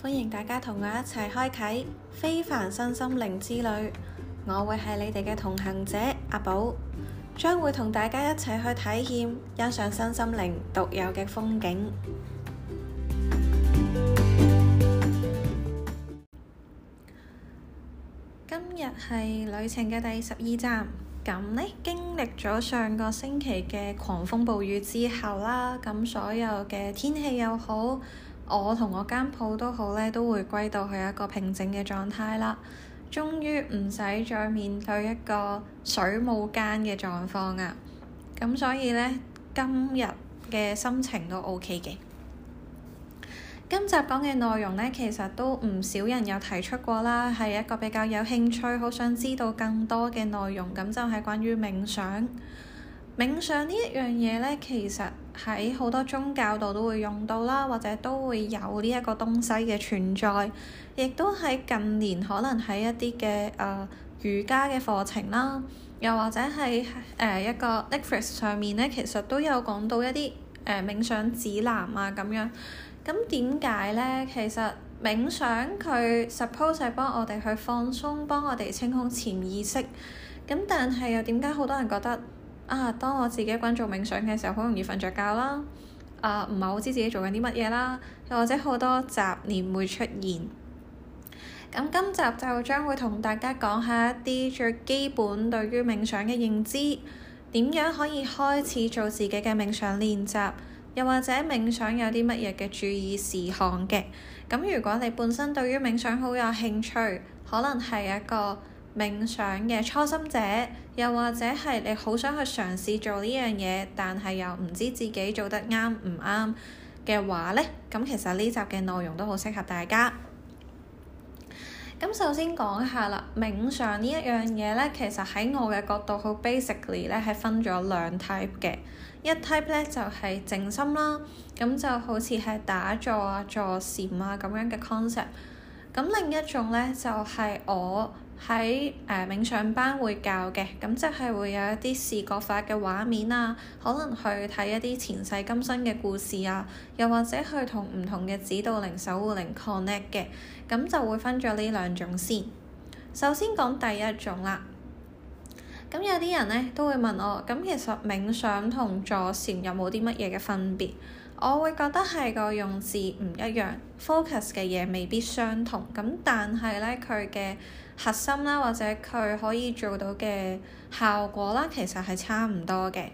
歡迎大家同我一齊開啟非凡身心靈之旅，我會係你哋嘅同行者阿寶，將會同大家一齊去體驗欣賞身心靈獨有嘅風景。今日係旅程嘅第十二站，咁呢，經歷咗上個星期嘅狂風暴雨之後啦，咁所有嘅天氣又好。我同我間鋪都好咧，都會歸到去一個平靜嘅狀態啦。終於唔使再面對一個水母間嘅狀況啊！咁所以呢，今日嘅心情都 OK 嘅。今集講嘅內容呢，其實都唔少人有提出過啦，係一個比較有興趣、好想知道更多嘅內容。咁就係關於冥想。冥想呢一樣嘢呢，其實～喺好多宗教度都會用到啦，或者都會有呢一個東西嘅存在，亦都喺近年可能喺一啲嘅誒瑜伽嘅課程啦，又或者係誒、呃、一個 Netflix 上面咧，其實都有講到一啲誒、呃、冥想指南啊咁樣。咁點解咧？其實冥想佢 suppose 係幫我哋去放鬆，幫我哋清空潛意識。咁但係又點解好多人覺得？啊！當我自己喺度做冥想嘅時候，好容易瞓着覺啦，啊唔係好知自己做緊啲乜嘢啦，又或者好多雜念會出現。咁今集就將會同大家講下一啲最基本對於冥想嘅認知，點樣可以開始做自己嘅冥想練習，又或者冥想有啲乜嘢嘅注意事項嘅。咁如果你本身對於冥想好有興趣，可能係一個。冥想嘅初心者，又或者係你好想去嘗試做呢樣嘢，但係又唔知自己做得啱唔啱嘅話呢，咁其實呢集嘅內容都好適合大家。咁首先講下啦，冥想呢一樣嘢呢，其實喺我嘅角度，好 basically 呢係分咗兩 type 嘅。一 type 呢就係靜心啦，咁就好似係打坐啊、坐禪啊咁樣嘅 concept。咁另一種呢就係我。喺誒冥想班會教嘅，咁即係會有一啲視覺化嘅畫面啊，可能去睇一啲前世今生嘅故事啊，又或者去同唔同嘅指導靈、守護靈 connect 嘅，咁就會分咗呢兩種先。首先講第一種啦，咁有啲人呢都會問我，咁其實冥想同坐禪有冇啲乜嘢嘅分別？我會覺得係個用字唔一樣，focus 嘅嘢未必相同，咁但係呢，佢嘅。核心啦，或者佢可以做到嘅效果啦，其實，係差唔多嘅。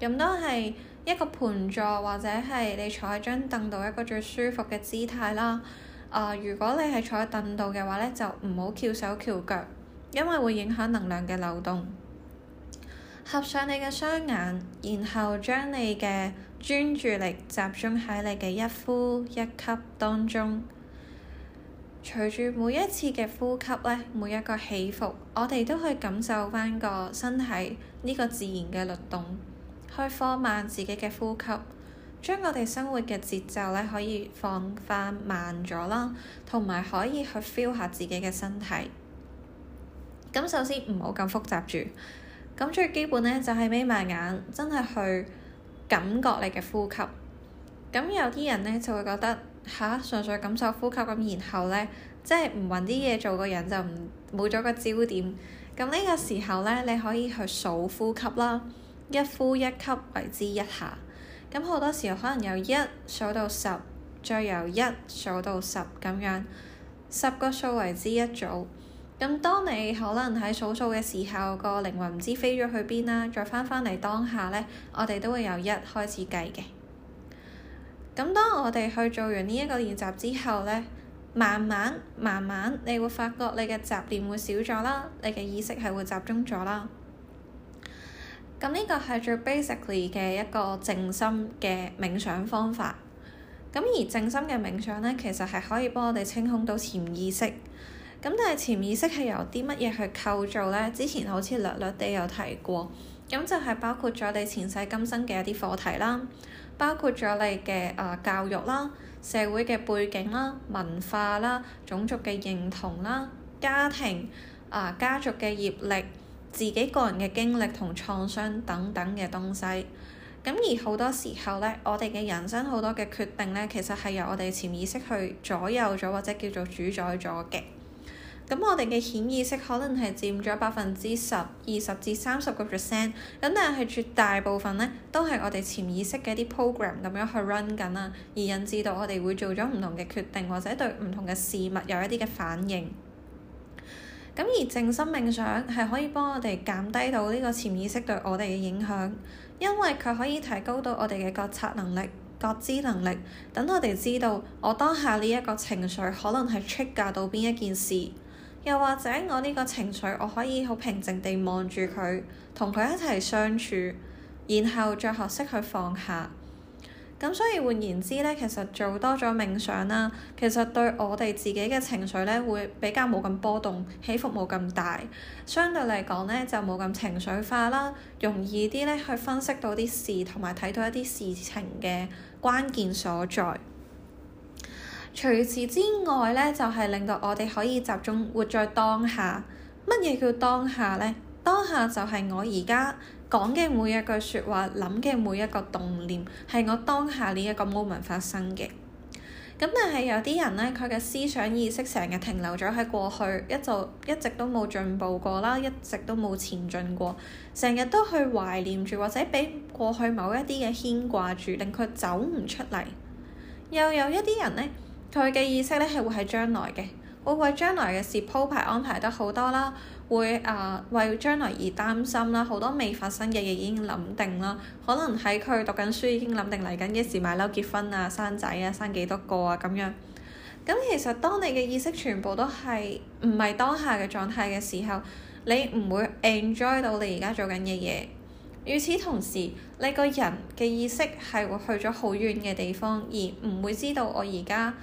咁都係一個盤坐，或者係你坐喺張凳度一個最舒服嘅姿態啦。啊、呃，如果你係坐喺凳度嘅話，咧，就唔好翹手翹腳，因為會影響能量嘅流動。合上你嘅雙眼，然後將你嘅專注力集中喺你嘅一呼一吸當中。隨住每一次嘅呼吸咧，每一個起伏，我哋都可以感受翻個身體呢個自然嘅律動，去放慢自己嘅呼吸，將我哋生活嘅節奏咧可以放翻慢咗啦，同埋可以去 feel 下自己嘅身體。咁首先唔好咁複雜住，咁最基本咧就係眯埋眼，真係去感覺你嘅呼吸。咁有啲人咧就會覺得。嚇、啊！純粹感受呼吸咁，然後呢，即係唔揾啲嘢做，個人就唔冇咗個焦點。咁呢個時候呢，你可以去數呼吸啦，一呼一吸為之一下。咁好多時候可能由一數到十，再由一數到十咁樣，十個數為之一組。咁當你可能喺數數嘅時候，個靈魂唔知飛咗去邊啦，再翻返嚟當下呢，我哋都會由一開始計嘅。咁當我哋去做完呢一個練習之後呢，慢慢慢慢，你會發覺你嘅雜念會少咗啦，你嘅意識係會集中咗啦。咁呢個係最 basically 嘅一個靜心嘅冥想方法。咁而靜心嘅冥想呢，其實係可以幫我哋清空到潛意識。咁但係潛意識係由啲乜嘢去構造呢？之前好似略略地有提過。咁就係包括咗你前世今生嘅一啲課題啦，包括咗你嘅啊教育啦、社會嘅背景啦、文化啦、種族嘅認同啦、家庭啊家族嘅業力、自己個人嘅經歷同創傷等等嘅東西。咁而好多時候咧，我哋嘅人生好多嘅決定咧，其實係由我哋潛意識去左右咗，或者叫做主宰咗嘅。咁我哋嘅顯意識可能係佔咗百分之十、二十至三十個 percent，咁但係絕大部分咧都係我哋潛意識嘅一啲 program 咁樣去 run 緊啊，而引致到我哋會做咗唔同嘅決定，或者對唔同嘅事物有一啲嘅反應。咁而靜心冥想係可以幫我哋減低到呢個潛意識對我哋嘅影響，因為佢可以提高到我哋嘅覺察能力、覺知能力，等我哋知道我當下呢一個情緒可能係 trigger 到邊一件事。又或者我呢個情緒，我可以好平靜地望住佢，同佢一齊相處，然後再學識去放下。咁所以換言之呢，其實做多咗冥想啦，其實對我哋自己嘅情緒呢，會比較冇咁波動，起伏冇咁大，相對嚟講呢，就冇咁情緒化啦，容易啲呢去分析到啲事，同埋睇到一啲事情嘅關鍵所在。除此之外咧，就係令到我哋可以集中活在當下。乜嘢叫當下呢？當下就係我而家講嘅每一句説話，諗嘅每一個動念，係我當下呢一個 moment 發生嘅。咁但係有啲人咧，佢嘅思想意識成日停留咗喺過去，一就一直都冇進步過啦，一直都冇前進過，成日都去懷念住或者俾過去某一啲嘅牽掛住，令佢走唔出嚟。又有一啲人咧。佢嘅意識咧係會喺將來嘅，會為將來嘅事鋪排安排得好多啦。會啊、呃，為將來而擔心啦，好多未發生嘅嘢已經諗定啦。可能喺佢讀緊書已經諗定嚟緊嘅時買樓結婚啊、生仔啊、生幾多個啊咁樣。咁其實當你嘅意識全部都係唔係當下嘅狀態嘅時候，你唔會 enjoy 到你而家做緊嘅嘢。與此同時，你個人嘅意識係會去咗好遠嘅地方，而唔會知道我而家。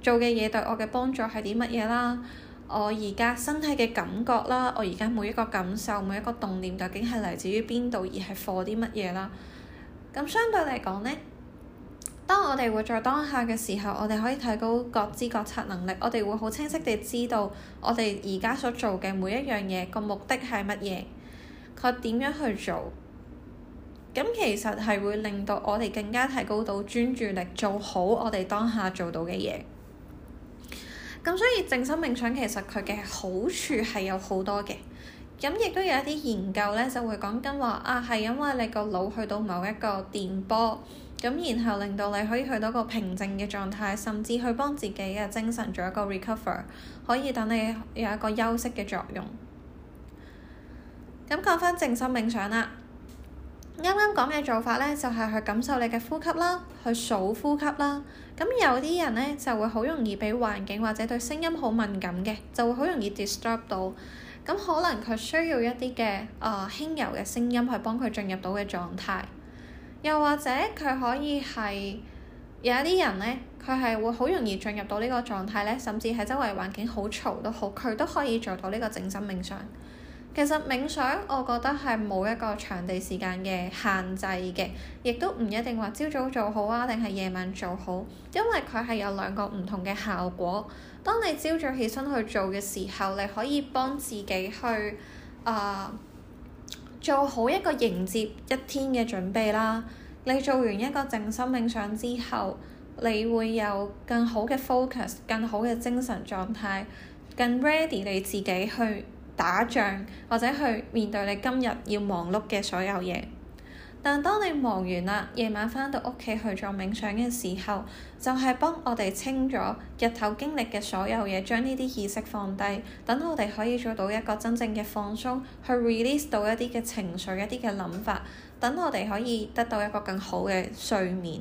做嘅嘢對我嘅幫助係啲乜嘢啦？我而家身體嘅感覺啦，我而家每一個感受、每一個動念，究竟係嚟自於邊度，而係 for 啲乜嘢啦？咁相對嚟講呢，當我哋活在當下嘅時候，我哋可以提高覺知覺察能力。我哋會好清晰地知道我哋而家所做嘅每一樣嘢個目的係乜嘢，佢點樣去做。咁其實係會令到我哋更加提高到專注力，做好我哋當下做到嘅嘢。咁所以靜心冥想其實佢嘅好處係有好多嘅，咁亦都有一啲研究呢，就會講緊話啊，係因為你個腦去到某一個電波，咁然後令到你可以去到一個平靜嘅狀態，甚至去幫自己嘅精神做一個 recover，可以等你有一個休息嘅作用。咁講返靜心冥想啦。啱啱講嘅做法咧，就係去感受你嘅呼吸啦，去數呼吸啦。咁有啲人咧就會好容易俾環境或者對聲音好敏感嘅，就會好容易 disturb 到。咁可能佢需要一啲嘅啊輕柔嘅聲音去幫佢進入到嘅狀態。又或者佢可以係有一啲人咧，佢係會好容易進入到呢個狀態咧，甚至係周圍環境好嘈都好，佢都可以做到呢個靜心冥想。其實冥想，我覺得係冇一個場地、時間嘅限制嘅，亦都唔一定話朝早做好啊，定係夜晚做好，因為佢係有兩個唔同嘅效果。當你朝早起身去做嘅時候，你可以幫自己去啊、呃、做好一個迎接一天嘅準備啦。你做完一個靜心冥想之後，你會有更好嘅 focus、更好嘅精神狀態、更 ready 你自己去。打仗或者去面對你今日要忙碌嘅所有嘢，但係當你忙完啦，夜晚返到屋企去做冥想嘅時候，就係幫我哋清咗日頭經歷嘅所有嘢，將呢啲意識放低，等我哋可以做到一個真正嘅放鬆，去 release 到一啲嘅情緒、一啲嘅諗法，等我哋可以得到一個更好嘅睡眠。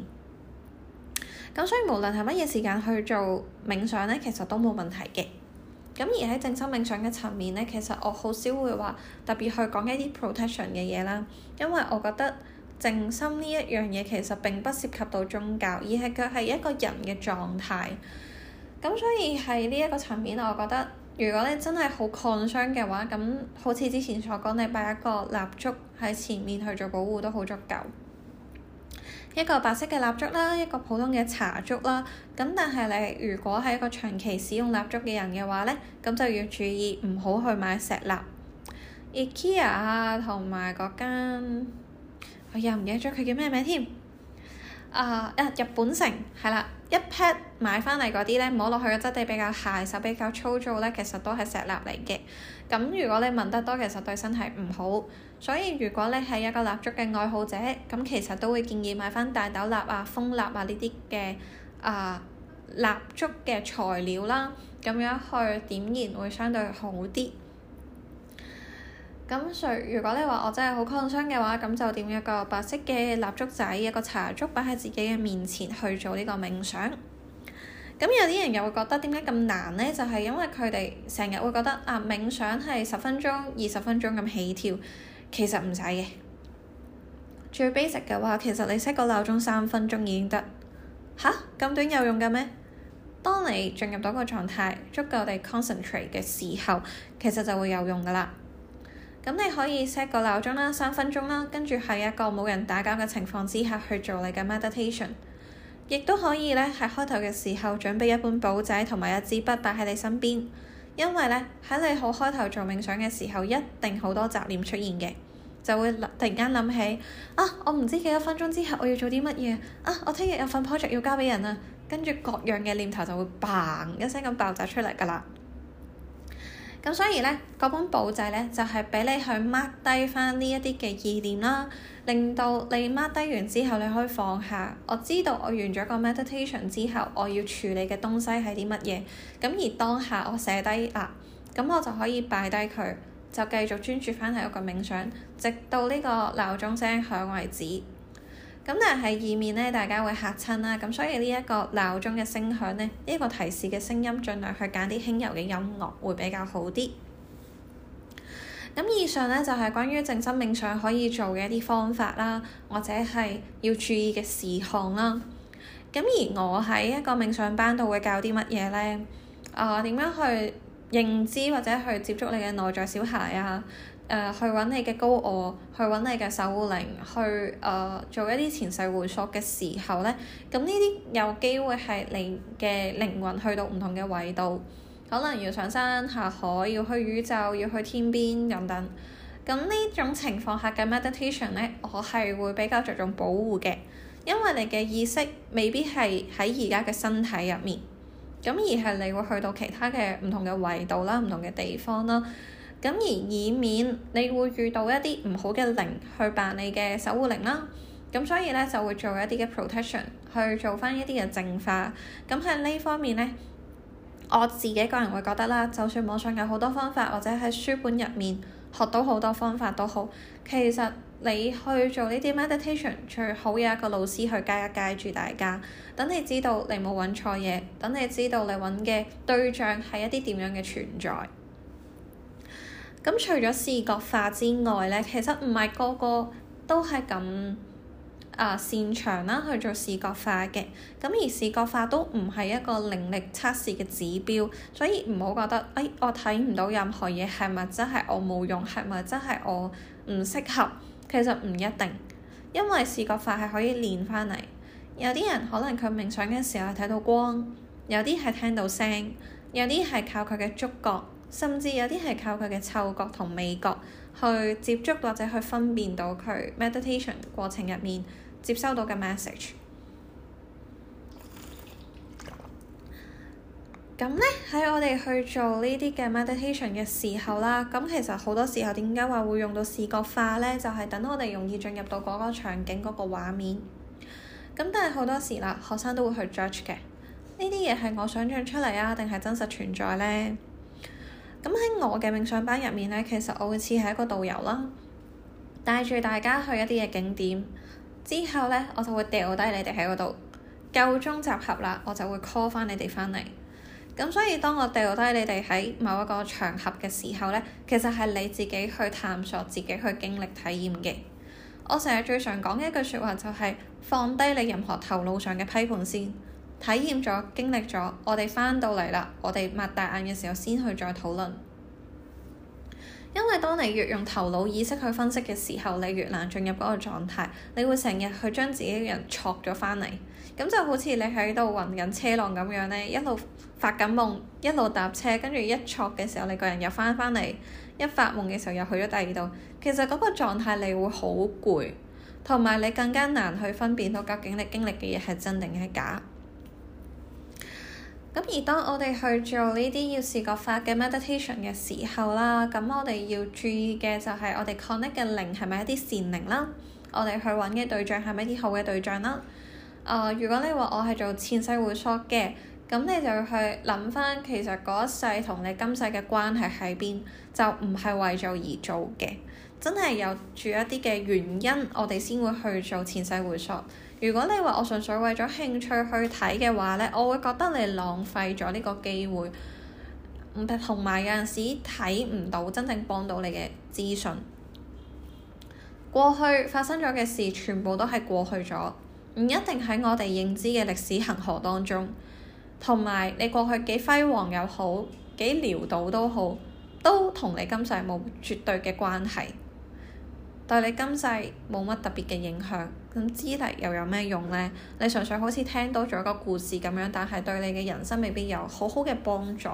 咁所以無論係乜嘢時間去做冥想呢，其實都冇問題嘅。咁而喺正心冥想嘅層面呢，其實我好少會話特別去講一啲 protection 嘅嘢啦，因為我覺得正心呢一樣嘢其實並不涉及到宗教，而係佢係一個人嘅狀態。咁所以喺呢一個層面，我覺得如果你真係好抗傷嘅話，咁好似之前所講，你擺一個蠟燭喺前面去做保護都好足夠。一個白色嘅蠟燭啦，一個普通嘅茶燭啦，咁但係你如果係一個長期使用蠟燭嘅人嘅話咧，咁就要注意唔好去買石蠟。IKEA 啊，同埋嗰間，我又唔記得咗佢叫咩名添。啊，啊日本城，係啦。一 pat 買翻嚟嗰啲呢，摸落去嘅質地比較嚡，手比較粗糙呢。其實都係石蠟嚟嘅。咁如果你聞得多，其實對身體唔好。所以如果你係一個蠟燭嘅愛好者，咁其實都會建議買翻大豆蠟啊、蜂蠟啊呢啲嘅啊蠟燭嘅材料啦，咁樣去點燃會相對好啲。咁如果你話我真係好抗傷嘅話，咁就點一個白色嘅蠟燭仔，一個茶燭擺喺自己嘅面前去做呢個冥想。咁有啲人又會覺得點解咁難呢？就係因為佢哋成日會覺得啊冥想係十分鐘、二十分鐘咁起跳，其實唔使嘅。最 basic 嘅話，其實你 set 個鬧鐘三分鐘已經得。吓？咁短有用㗎咩？當你進入到個狀態，足夠地 concentrate 嘅時候，其實就會有用㗎啦。咁你可以 set 個鬧鐘啦，三分鐘啦，跟住喺一個冇人打攪嘅情況之下去做你嘅 meditation。亦都可以咧，喺開頭嘅時候準備一本簿仔同埋一支筆擺喺你身邊，因為咧，喺你好開頭做冥想嘅時候一定好多雜念出現嘅，就會突然間諗起啊，我唔知幾多分鐘之後我要做啲乜嘢啊，我聽日有份 project 要交俾人啊，跟住各樣嘅念頭就會嘭一聲咁爆炸出嚟㗎啦。咁所以咧，嗰本簿仔咧就係、是、俾你去 mark 低翻呢一啲嘅意念啦，令到你 mark 低完之後，你可以放下。我知道我完咗個 meditation 之後，我要處理嘅東西係啲乜嘢。咁而當下我寫低喇，咁、啊、我就可以擺低佢，就繼續專注翻喺我個冥想，直到呢個鬧鐘聲響為止。咁但係，以免咧大家會嚇親啦，咁所以呢一個鬧鐘嘅聲響咧，呢、這個提示嘅聲音，盡量去揀啲輕柔嘅音樂，會比較好啲。咁以上咧就係、是、關於靜心冥想可以做嘅一啲方法啦，或者係要注意嘅事項啦。咁而我喺一個冥想班度會教啲乜嘢咧？啊、呃，點樣去認知或者去接觸你嘅內在小孩啊？誒去揾你嘅高我，去揾你嘅守護靈，去誒、呃、做一啲前世回溯嘅時候呢。咁呢啲有機會係你嘅靈魂去到唔同嘅維度，可能要上山下海，要去宇宙，要去天邊等等。咁呢種情況下嘅 meditation 呢，我係會比較着重保護嘅，因為你嘅意識未必係喺而家嘅身體入面，咁而係你會去到其他嘅唔同嘅維度啦，唔同嘅地方啦。咁而以免你會遇到一啲唔好嘅靈去扮你嘅守護靈啦，咁所以咧就會做一啲嘅 protection 去做返一啲嘅淨化。咁喺呢方面咧，我自己個人會覺得啦，就算網上有好多方法，或者喺書本入面學到好多方法都好，其實你去做呢啲 meditation 最好有一個老師去加一加住大家，等你知道你冇揾錯嘢，等你知道你揾嘅對象係一啲點樣嘅存在。咁除咗視覺化之外咧，其實唔係個個都係咁、呃、擅長啦去做視覺化嘅。咁而視覺化都唔係一個能力測試嘅指標，所以唔好覺得誒、哎、我睇唔到任何嘢，係咪真係我冇用？係咪真係我唔適合？其實唔一定，因為視覺化係可以練翻嚟。有啲人可能佢冥想嘅時候係睇到光，有啲係聽到聲，有啲係靠佢嘅觸覺。甚至有啲係靠佢嘅嗅覺同味覺去接觸，或者去分辨到佢 meditation 過程入面接收到嘅 message。咁咧，喺我哋去做呢啲嘅 meditation 嘅時候啦，咁其實好多時候點解話會用到視覺化咧？就係等我哋容易進入到嗰個場景、嗰個畫面。咁但係好多時啦，學生都會去 judge 嘅。呢啲嘢係我想像出嚟啊，定係真實存在咧？咁喺我嘅冥想班入面咧，其實我會似係一個導遊啦，帶住大家去一啲嘅景點，之後咧，我就會掉低你哋喺嗰度，夠鐘集合啦，我就會 call 翻你哋翻嚟。咁所以當我掉低你哋喺某一個場合嘅時候咧，其實係你自己去探索、自己去經歷體驗嘅。我成日最常講嘅一句説話就係、是、放低你任何頭腦上嘅批判先。體驗咗經歷咗，我哋返到嚟啦。我哋擘大眼嘅時候先去再討論，因為當你越用頭腦意識去分析嘅時候，你越難進入嗰個狀態。你會成日去將自己嘅人錯咗返嚟，咁就好似你喺度暈緊車浪咁樣呢，一路發緊夢，一路搭車，跟住一錯嘅時候，你個人又返返嚟，一發夢嘅時候又去咗第二度。其實嗰個狀態你會好攰，同埋你更加難去分辨到究竟你經歷嘅嘢係真定係假。咁而當我哋去做呢啲要視覺化嘅 meditation 嘅時候啦，咁我哋要注意嘅就係我哋 connect 嘅靈係咪一啲善靈啦？我哋去揾嘅對象係咪一啲好嘅對象啦？誒、呃，如果你話我係做前世回溯嘅，咁你就要去諗翻其實嗰一世同你今世嘅關係喺邊，就唔係為做而做嘅。真係有住一啲嘅原因，我哋先會去做前世回溯。如果你話我純粹為咗興趣去睇嘅話咧，我會覺得你浪費咗呢個機會。唔係，同埋有陣時睇唔到真正幫到你嘅資訊。過去發生咗嘅事，全部都係過去咗，唔一定喺我哋認知嘅歷史恆河當中。同埋你過去幾輝煌又好，幾潦倒都好，都同你今世冇絕對嘅關係。對你今世冇乜特別嘅影響，咁知嚟又有咩用呢？你常常好似聽到咗個故事咁樣，但係對你嘅人生未必有好好嘅幫助。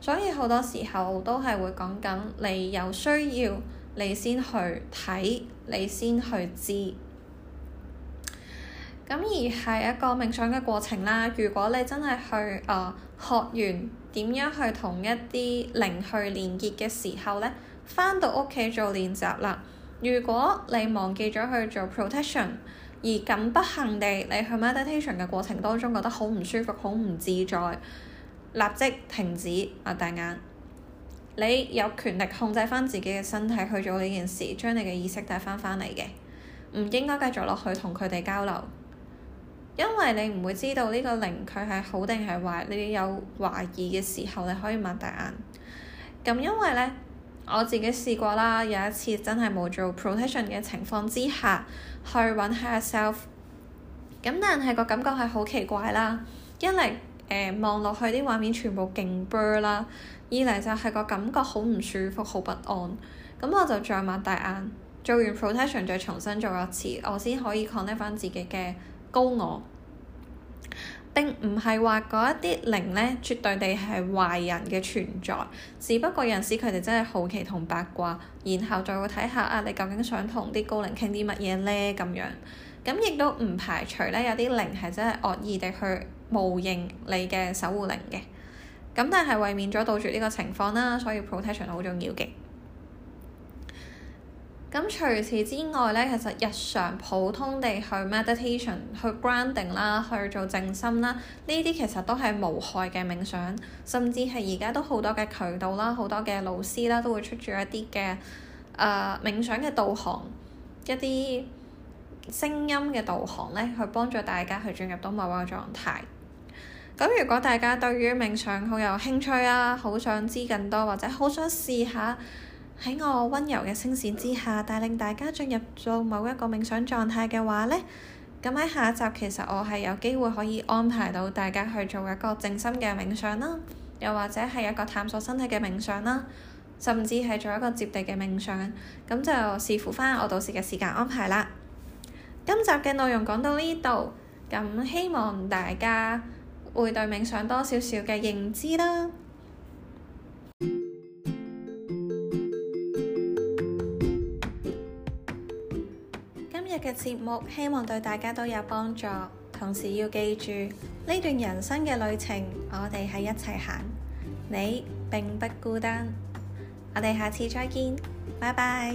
所以好多時候都係會講緊，你有需要你先去睇，你先去知。咁而係一個冥想嘅過程啦。如果你真係去啊、呃、學完點樣去同一啲靈去連結嘅時候咧，返到屋企做練習啦。如果你忘記咗去做 protection，而咁不幸地你去 meditation 嘅過程當中覺得好唔舒服、好唔自在，立即停止擘大眼。你有權力控制翻自己嘅身體去做呢件事，將你嘅意識帶翻返嚟嘅，唔應該繼續落去同佢哋交流，因為你唔會知道呢個靈，佢係好定係壞。你有懷疑嘅時候，你可以擘大眼。咁因為呢。我自己試過啦，有一次真係冇做 protection 嘅情況之下，去揾下 self，咁但係個感覺係好奇怪啦，一嚟誒望落去啲畫面全部勁 blur 啦，二嚟就係個感覺好唔舒服，好不安。咁我就再擘大眼，做完 protection 再重新做一次，我先可以 connect 返自己嘅高我。定唔係話嗰一啲靈呢，絕對地係壞人嘅存在，只不過有時佢哋真係好奇同八卦，然後再會睇下啊，你究竟想同啲高靈傾啲乜嘢呢？咁樣。咁亦都唔排除呢，有啲靈係真係惡意地去冒認你嘅守護靈嘅。咁但係為免咗杜絕呢個情況啦，所以 protection 好重要嘅。咁除此之外咧，其實日常普通地去 meditation、去 grounding 啦、去做靜心啦，呢啲其實都係無害嘅冥想。甚至係而家都好多嘅渠道啦、好多嘅老師啦，都會出住一啲嘅誒冥想嘅導航，一啲聲音嘅導航咧，去幫助大家去進入到某一個狀態。咁如果大家對於冥想好有興趣啊，好想知更多或者好想試下。喺我溫柔嘅聲線之下，帶領大家進入咗某一個冥想狀態嘅話咧，咁喺下一集其實我係有機會可以安排到大家去做一個靜心嘅冥想啦，又或者係一個探索身體嘅冥想啦，甚至係做一個接地嘅冥想，咁就視乎翻我到時嘅時間安排啦。今集嘅內容講到呢度，咁希望大家會對冥想多少少嘅認知啦。嘅節目，希望對大家都有幫助。同時要記住，呢段人生嘅旅程，我哋喺一齊行，你並不孤單。我哋下次再見，拜拜。